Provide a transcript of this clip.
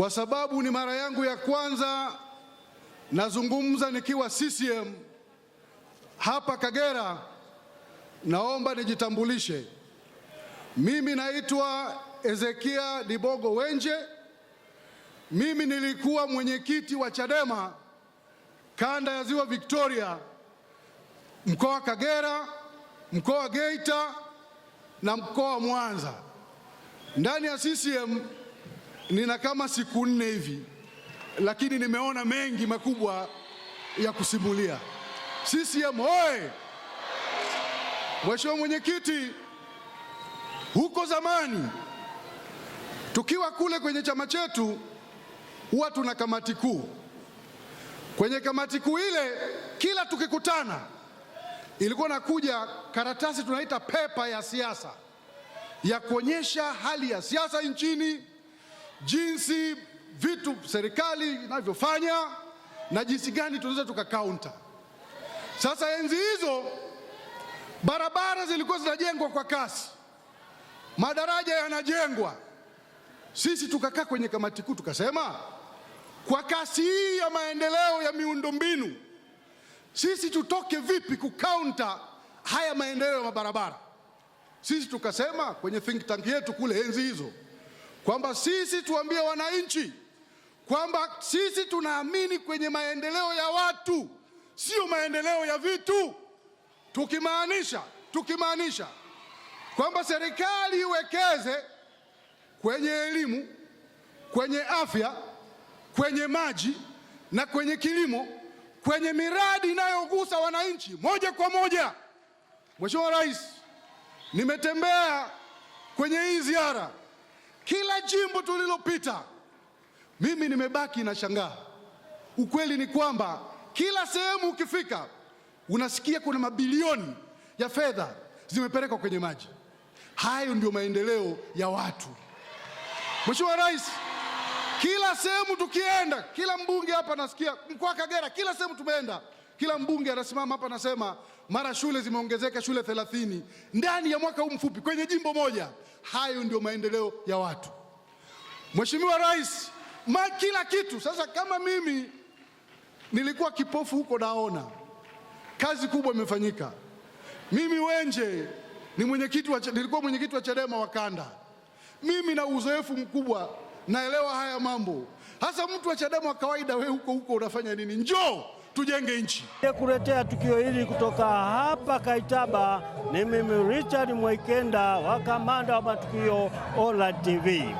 kwa sababu ni mara yangu ya kwanza nazungumza nikiwa CCM hapa Kagera. Naomba nijitambulishe. Mimi naitwa Ezekia Dibogo Wenje. Mimi nilikuwa mwenyekiti wa Chadema kanda ya Ziwa Victoria, mkoa wa Kagera, mkoa wa Geita na mkoa wa Mwanza ndani ya CCM nina kama siku nne hivi, lakini nimeona mengi makubwa ya kusimulia. CCM oye! Mheshimiwa Mwenyekiti, huko zamani tukiwa kule kwenye chama chetu huwa tuna kamati kuu. Kwenye kamati kuu ile, kila tukikutana, ilikuwa nakuja karatasi tunaita pepa ya siasa ya kuonyesha hali ya siasa nchini jinsi vitu serikali inavyofanya na jinsi gani tunaweza tukakaunta. Sasa enzi hizo barabara zilikuwa zinajengwa kwa kasi, madaraja yanajengwa. Sisi tukakaa kwenye kamati kuu tukasema, kwa kasi hii ya maendeleo ya miundombinu sisi tutoke vipi kukaunta haya maendeleo ya mabarabara? Sisi tukasema kwenye think tank yetu kule enzi hizo kwamba sisi tuambie wananchi kwamba sisi tunaamini kwenye maendeleo ya watu, sio maendeleo ya vitu, tukimaanisha tukimaanisha kwamba serikali iwekeze kwenye elimu, kwenye afya, kwenye maji na kwenye kilimo, kwenye miradi inayogusa wananchi moja kwa moja. Mheshimiwa Rais, nimetembea kwenye hii ziara jimbo tulilopita, mimi nimebaki na shangaa. Ukweli ni kwamba kila sehemu ukifika, unasikia kuna mabilioni ya fedha zimepelekwa kwenye maji. Hayo ndio maendeleo ya watu. Mheshimiwa Rais, kila sehemu tukienda, kila mbunge hapa nasikia, mkoa wa Kagera, kila sehemu tumeenda, kila mbunge anasimama hapa anasema mara shule zimeongezeka shule thelathini ndani ya mwaka huu mfupi kwenye jimbo moja. Hayo ndio maendeleo ya watu. Mheshimiwa Rais, ma kila kitu. Sasa kama mimi nilikuwa kipofu huko, naona kazi kubwa imefanyika. Mimi Wenje ni mwenyekiti wa, nilikuwa mwenyekiti wa Chadema wa kanda, mimi na uzoefu mkubwa, naelewa haya mambo. Hasa mtu wa Chadema wa kawaida, we huko huko unafanya nini? Njoo tujenge nchi. Kuletea tukio hili kutoka hapa Kaitaba ni mimi Richard Mwaikenda wa kamanda wa matukio Ola TV.